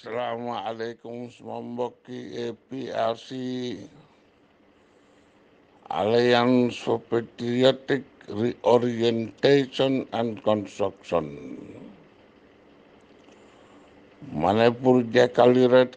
Selama Assalamualaikum semambaki APRC Alliance for Patriotic Reorientation and Construction Manipur Jakalirat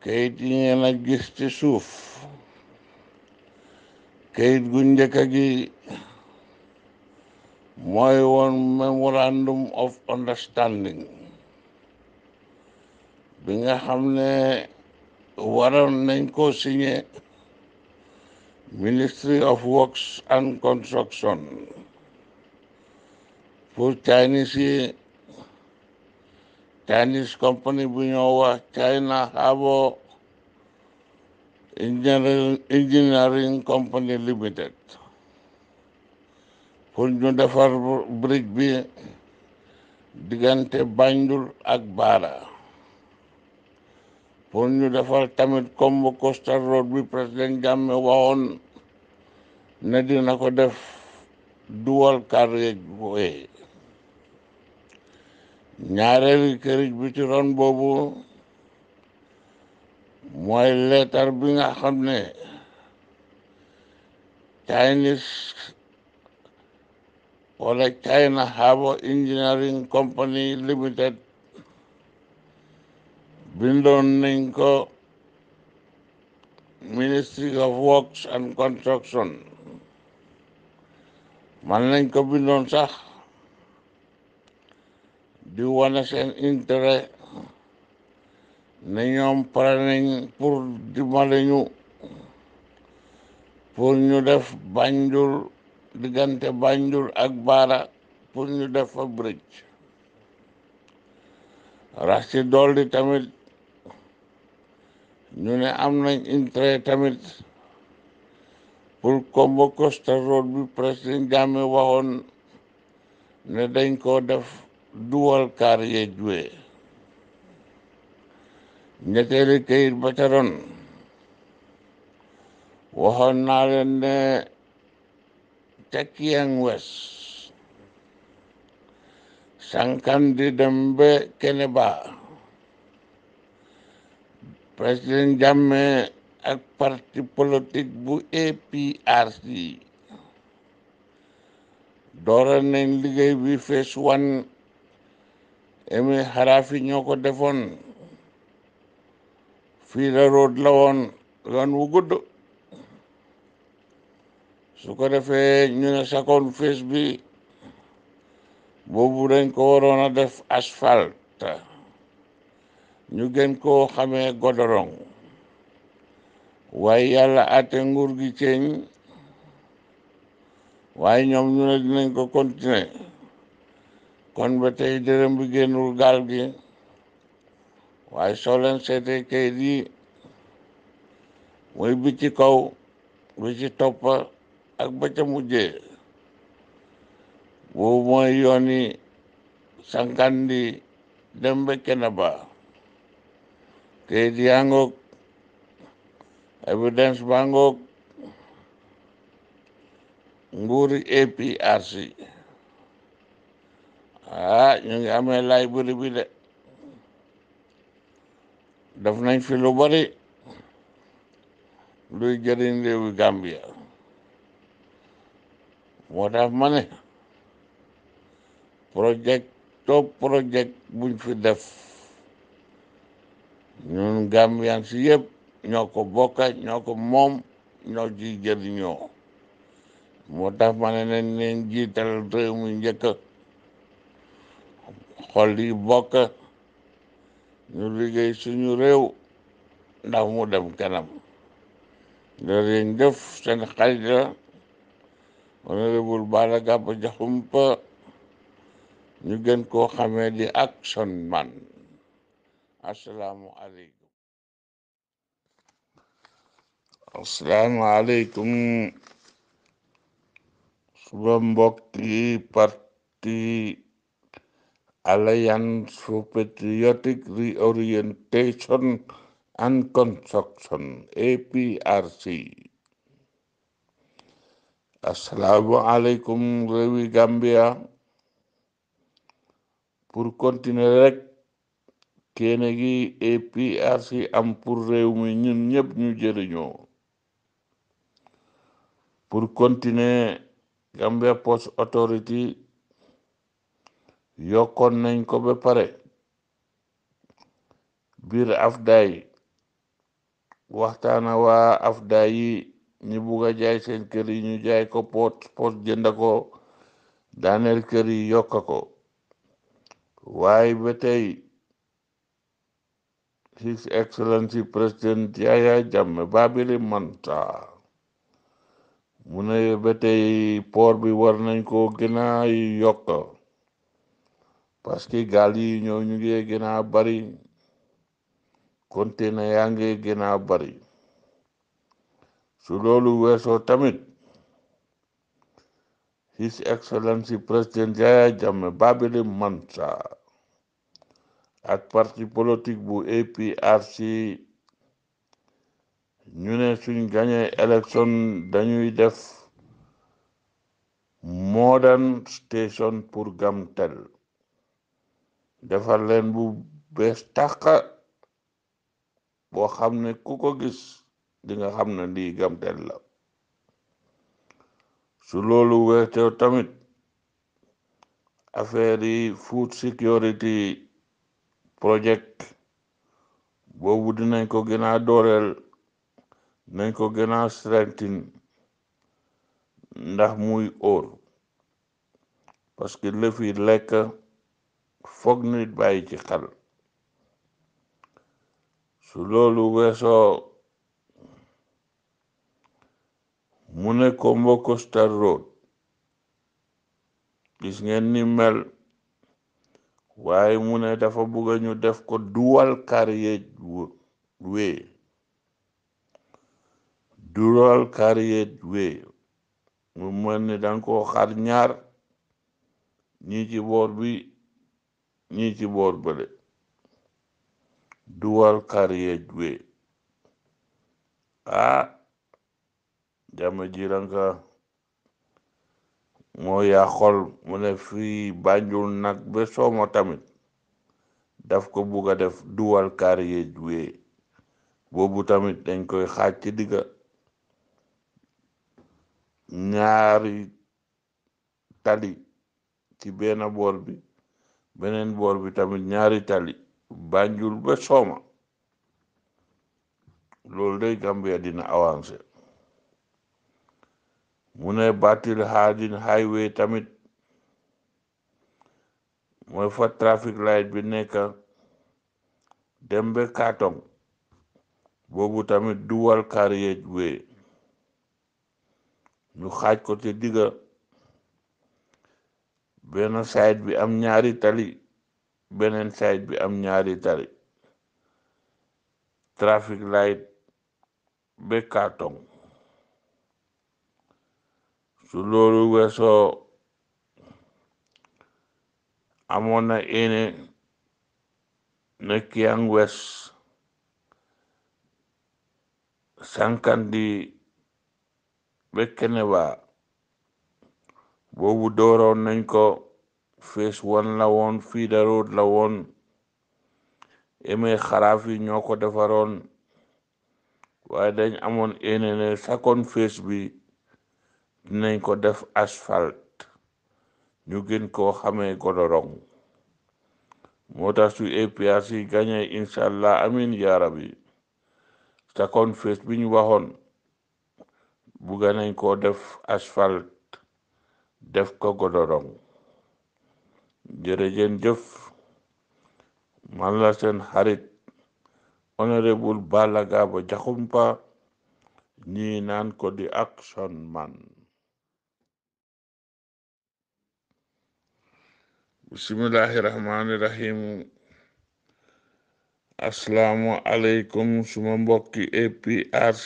Kaitinya lagi stisuf Kait gunjakagi My one memorandum of understanding bi nga xam ne waroon nañ ko signé Ministry of Works and Construction pour Chinese yi Chinese company bu ñoo wax China habo Engineering, Company Limited pour ñu defar bridge bi diggante bandul ak pour ñu defal tamit comme Coastal Road bi président Jammeh waxoon ne dina ko def dual carriageway ñaareelu kërij bi ci ron boobu mooy leetar bi nga xam ne Chinese wala China Harbour Engineering Company Limited Bindoningko Ministry of Works and Construction. Maling ko bindon sah. diwanas and intere ninyong paraning pur di malinyo pur nyo def banjur digante banjur agbara Punyudaf def a bridge Rasidol di tamit ñu ne am nañ intérêt tamit pour Combo Costa Road bi président Jammeh waxoon ne dañ koo def dual carriage way ñetteeli kayit ba ca waxoon naa leen ne ca Kiang West sankan di dem ba président Jammeh ak parti politique bu APRC dooral nañ liggéey bi phase one Emi Kharafi ñoo ko defoon fii la road la woon yoon wu gudd su ko defee ñu ne second phase bi boobu dañ ko waroon a def asphalte ñu gën koo xamee godorong waaye yàlla àtte nguur gi ceeñ waaye ñoom ñu ne dinañ ko continuer kon ba tey dërëm bi génnul gaal gi waaye soo leen seetee kayit yi mooy bi ci kaw bi ci topp ak ba ca mujjee boobu di yooni sankandi dem ba કે evidence banggok nguri APRC ah yang kami library bila dafnai filobari lui jarin dewi Gambia modal mane, project top project buñ def ñun Gambien si yëpp ñoo ko bokka ñoo ko moom ñoo ci jëriñoo moo tax ma ne nañ leen jiital mi njëkk xol li bokk ñu liggéey suñu réew ndax mu dem kanam loolu yéen def seen xarit la honorable Bala Gàppa ñu gën koo xame di action man Assalamu alaikum. Assalamu alaikum. suba Party Alliance for Patriotic Reorientation and Construction APRC alaikum, réewi Gambia pour continuer keene gi APRC am pour réew mi ñun ñëpp ñu jëriñoo pour continuer Gambia Post Authority yokkoon nañ ko ba pare biir afdaay waxtaana waa afdaay yi ñi bugg a jaay seen kër yi ñu jaay ko pot pot jënda ko daaneel kër yi yokka ko waaye ba tey His Excellency President Yahya Jammeh Babili Manta mu ne ba tey port bi war nañ ko gën a yokk parce que gaal yi ñoo ñu ngi bari conteneur yaa ngi gën bari su loolu weesoo tamit His Excellency President Yahya Jammeh Babili Manta ak parti politique bu APRC ñu ne suñ gagné élection dañuy def modern station pour Gamtel defar len bu bees tàqa boo xam ne ku ko gis di nga Gamtel la su loolu weetew tamit affaire food security projet boobu dinañ ko gën a dooleel dinañ ko gën a strengthen ndax muy óor parce que lëfi lekk foog nit bàyyi ci xel su loolu weesoo mu ne Kombo Coastal Road gis ngeen ni mel waaye mu ne dafa bëgg ñu def ko dual carriage way dual carriage way mu mel ni danga ko xar ñaar ñii ci boor bi ñii ci boor bële dual carriage way ah jama jiranka moo yaa xol mu ne Banjul nag ba sooma tamit daf ko bugg a def duwal kaar yeej wee tamit dañ koy xaaj ci digga ñaari tali ci benn boor bi beneen boor bi tamit ñaari tali Banjul ba sooma loolu de Gambia dina avancer mu ne batil haadin highway tamit mooy fa traffic light bi nekk dem be kaatong boobu tamit dual carriage way ñu xaaj ko ci digga benn side bi am ñaari tali beneen side bi am ñaari tali traffic light be kaatong su loolu amoon na yéene ne Kiang West Sankandi be Keneba boobu dooroon nañ ko phase one la woon fii da road la woon Aimé ñoo ko defaroon waaye dañ amoon yéene ne second phase bi nañ ko def asphalte ñu gën koo xamee godorong moo tax su APRC gañe incha allah amin yaarab yi second phase bi ñu waxoon bugga nañ koo def asphalte def ko godorong jërëjën jëf man la seen xarit honorable Bala Gaba Jaxumpa ñi naan ko di action man bismillahirrahmanirrahim asalaamaaleykum suma mbokki APRC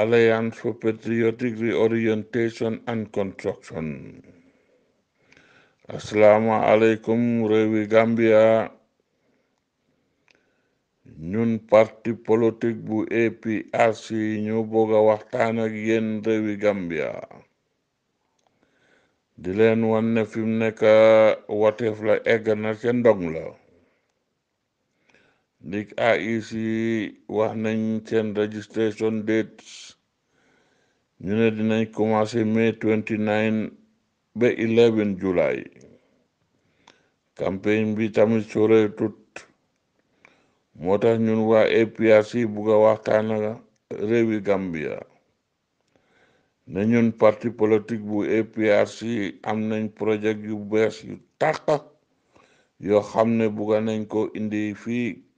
Alliance for Patriotic Reorientation and Construction asalaamaaleykum Rewi Gambia Nun parti politik bu APRC ñoo bëgg a Rewi Gambia di leen wan ne fi mu nekk wateef la egg na ca ndong la dik AIC wax nañ seen registration date ñu ne dinañ commencé mai 29 ba 11 juillet campagne bi tamit soree tut moo tax ñun waa APRC bugg a waxtaan ak réewi Gambia ne parti politique bu APRC am nañ projet yu bees yu tàq yoo xam ne buga nañ ko indi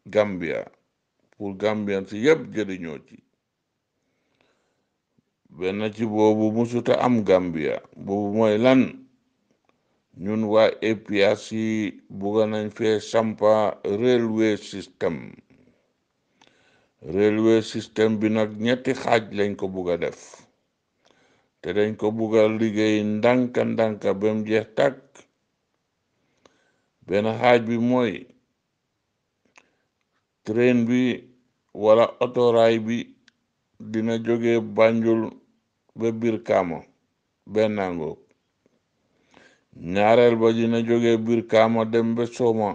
Gambia pour Gambian si yëpp jëriñoo ci benn ci boobu musuta am Gambia bu mooy lan ñun wa APRC buga nañ fee sampa railway system railway system bi nag ñetti xaaj lañ ko bu def te dañ ko bugal liggéey ndànka ndànka ba mu jeex tàkk benn xaaj bi mooy train bi wala otoraay bi dina jóge Banjul ba biir benn ngoog ñaareel ba dina jóge Birkama dem ba Soma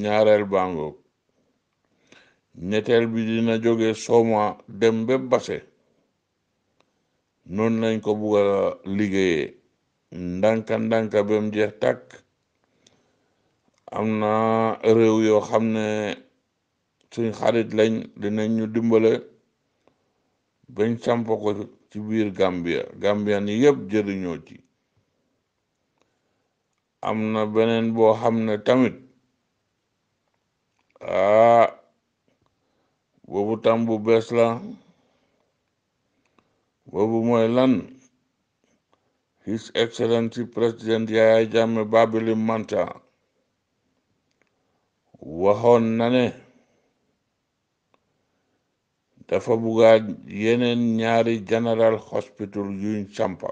ñaareel ba ngoog bi dina jóge Soma dem ba Basse noon lañ ko bugg a liggéeyee ndànka ndànka ba mu jeex tàkk am na réew yoo xam ne suñ xarit lañ dinañ ñu dimbale bañ samp ko ci biir Gambia Gambian yi yëpp jëriñoo ci am na beneen boo xam ne tamit ah boobu tam bu bees la boobu mooy lan his excellency president Yahya Jammeh Babili Manta waxoon na ne dafa bugga yeneen ñaari general hospital yuñ champa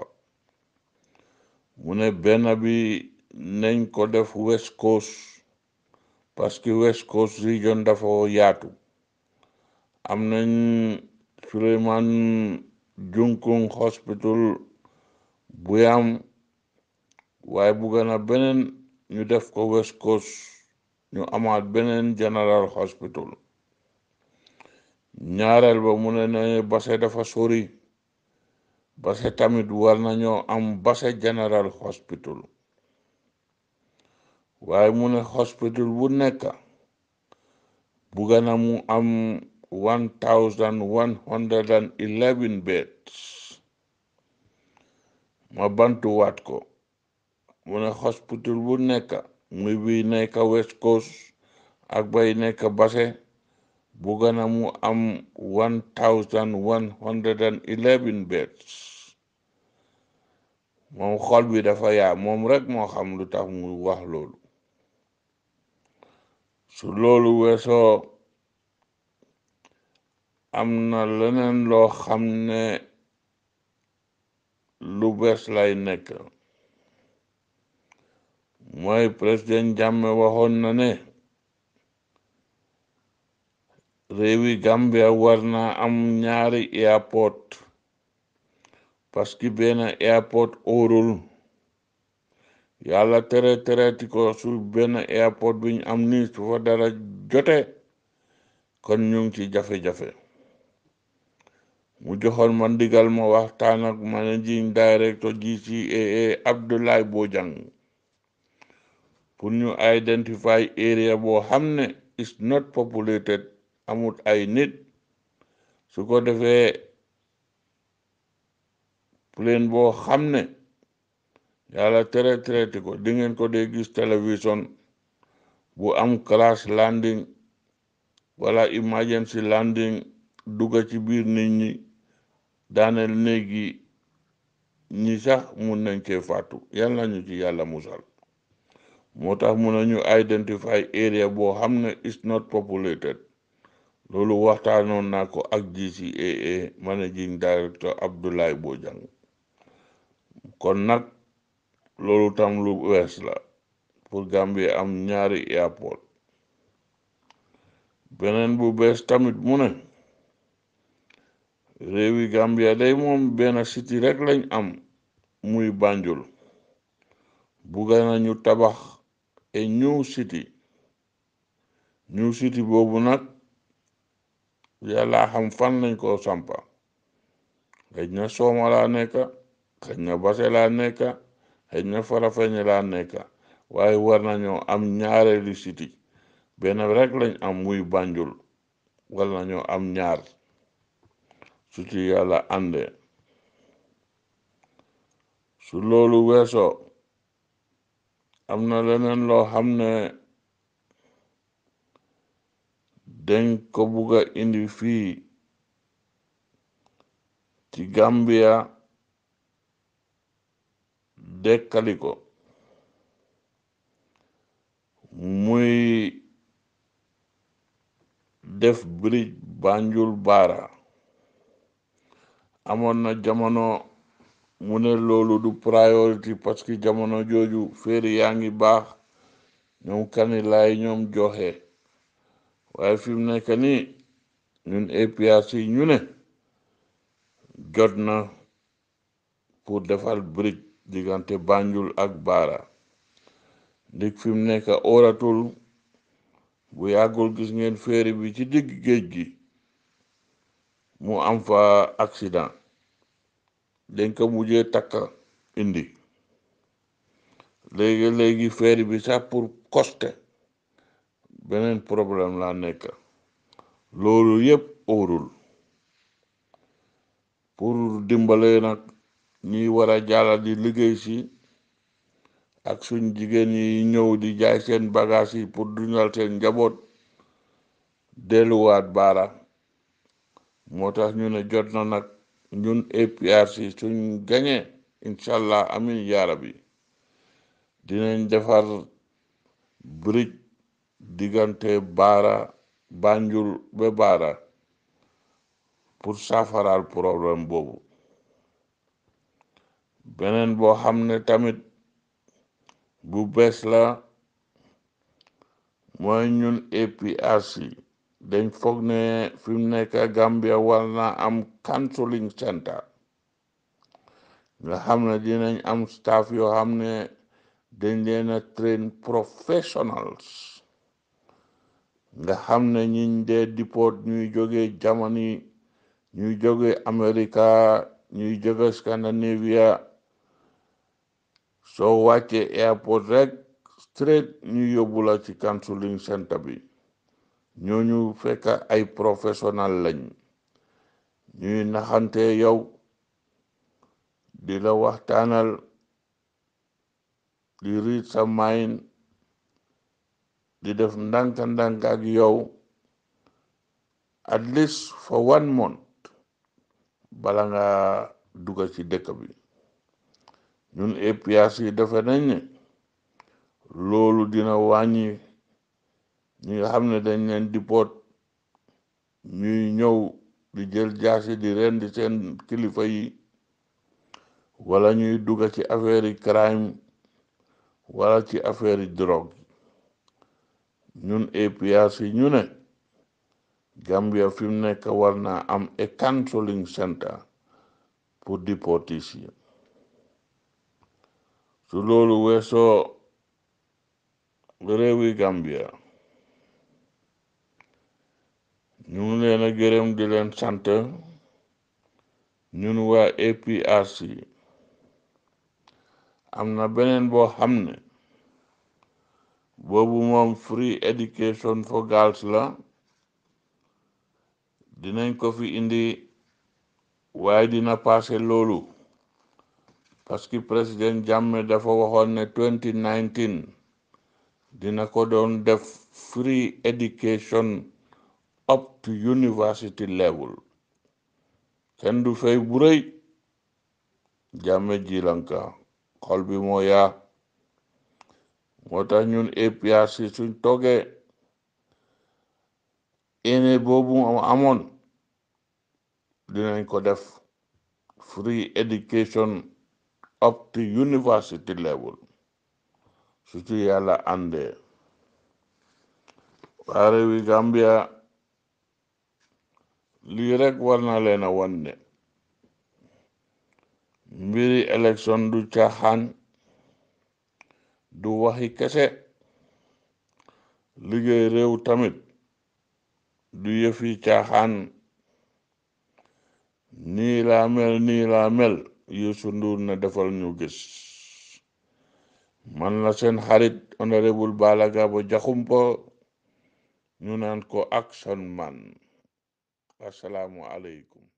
mu ne benn bi nañ ko def west coast parce que west coast region dafa yaatu am nañ Suleiman Junkung hospital bu yam waaye bugga na beneen ñu def ko West Coast ñu amaat beneen general hospital ñaareel ba mu ne nañu Basse dafa sori Basse tamit war nañoo am Basse general hospital waaye mu ne hospital bu nekk bugga mu am 1111 bets ma bantu waat ko mu ne hospital bu nekk muy biy nekk West Coast ak bay nekk base bu gën mu am 1111 bets moom xol bi dafa yaa moom rek moo xam lu tax mu wax loolu su loolu weesoo am na leneen loo xam ne lu bees lay nekk mooy président Jammeh waxoon na ne réewi Gambia war na am ñaari airport parce que benn airport óorul yàlla tere tereti ko su benn airport bi am nii su fa dara jote kon ñu ci jafe-jafe mu joxoon ma ndigal ma waxtaan ak managing director GCAA Abdoulaye Bojang pour ñu identify area boo xam ne is not populated amut ay nit su ko defee plaine boo xam ne yàlla tere traité ko di ko dee gis télévision bu am crash landing wala emergency landing dugga ci biir nit ñi daaneel néegi ñi sax mun nañ cee fàttu yal na ñu ci yàlla musal moo tax mun nañu identify area boo xam ne is not populated loolu waxtaanoon naa ko ak GCAA managing director Abdoulaye Bojang kon nag loolu tam lu wees la pour Gambie am ñaari airport beneen bu bees tamit mu ne réewi Gambia day moom benn siti rek lañ am muy Banjul bugga nañu tabax e new city new city boobu nag yàlla xam fan lañ koo sampa xëj na sooma laa nekka xëj na base laa nekka xëj na farafeñe laa nekka waaye war nañoo am ñaareelu city benn rek lañ am muy Banjul war nañoo am ñaar su ci yàlla ànde su loolu weeso am na leneen loo xam ne dañ ko bugga indi fii ci Gambia dekkali ko muy def bridge Banjul Baara amoon na jamono mu ne loolu du priorité parce que jamono jooju féeri yaa ngi baax ñoom kani lay ñoom joxe waaye fi mu nekk nii ñun APRC ñu ne jot na pour defal bridge diggante Banjul ak Barra ndig fi mu nekk oratul bu yàggul gis ngeen féeri bi ci digg géej gi mu am fa accident dañ ko mujjee takk indi léegi léegi feeri bi sax pour coste beneen problème la nekk loolu yépp óorul pour dimbale nag ñuy war a jaala di liggéey si ak suñ jigéen ñi ñëw di jaay seen bagage yi pour duñal seen njaboot delluwaat bara moo tax ñu ne jot na nag ñun APRC suñ gañee incha allah amin yaara bi dinañ defar bridge diggante baara banjul ba baara pour saafaraal problème boobu beneen boo xam ne tamit bu bees la mooy ñun APRC dañ foog ne fi mu nekk Gambia war na am counseling center nga xam ne dinañ am staff yoo xam ne dañ leen a train professionals nga xam ne ñi dee diport ñuy jógee Germany ñu jóge America ñuy jógee Scandinavia soo wàccee airport rek straight ñu yóbbula la ci counseling center bi ñooñu fekk ay professionnel lañ ñuy naxante yow di la waxtaanal di riid sa mayin di def ndànk-ndànk ak yow at least for one month bala nga dugga ci dëkk bi ñun APRC yi defe nañ ne loolu dina wàññi ñi nga xam ne dañ leen ñuy ñëw di jël jaasi di rendi seen kilifa yi walla ñuy dugg ci affaire yi crime wala ci affaire yi drogue ñun APRC ñu ne Gambia fi mu nekk war naa am a counseling center pour déportees yi su loolu weesoo réewi Gambia ñu ngi di leen sant ñun waa APRC am na beneen boo xam boobu moom free education for girls la dinañ ko fi indi waaye dina passé loolu parce que président Jammeh dafa waxoon ne 2019 dina ko doon def free education up to university level kenn du fay bu rëy jàmme jilanka xol bi moo yaa moo tax ñun APRC suñ ene dinañ ko def free education up to university level su ci ande àndee waa Gambia lii rek war na leen a wan ne mbiri élection du caaxaan du waxi kese liggéey réew tamit du yëfi caaxaan nii laa mel nii laa mel Youssou Ndour na defal ñu gis man la seen xarit honorable Bala Gabo Jaxumpa ñu naan ko Action Man Assalamualaikum.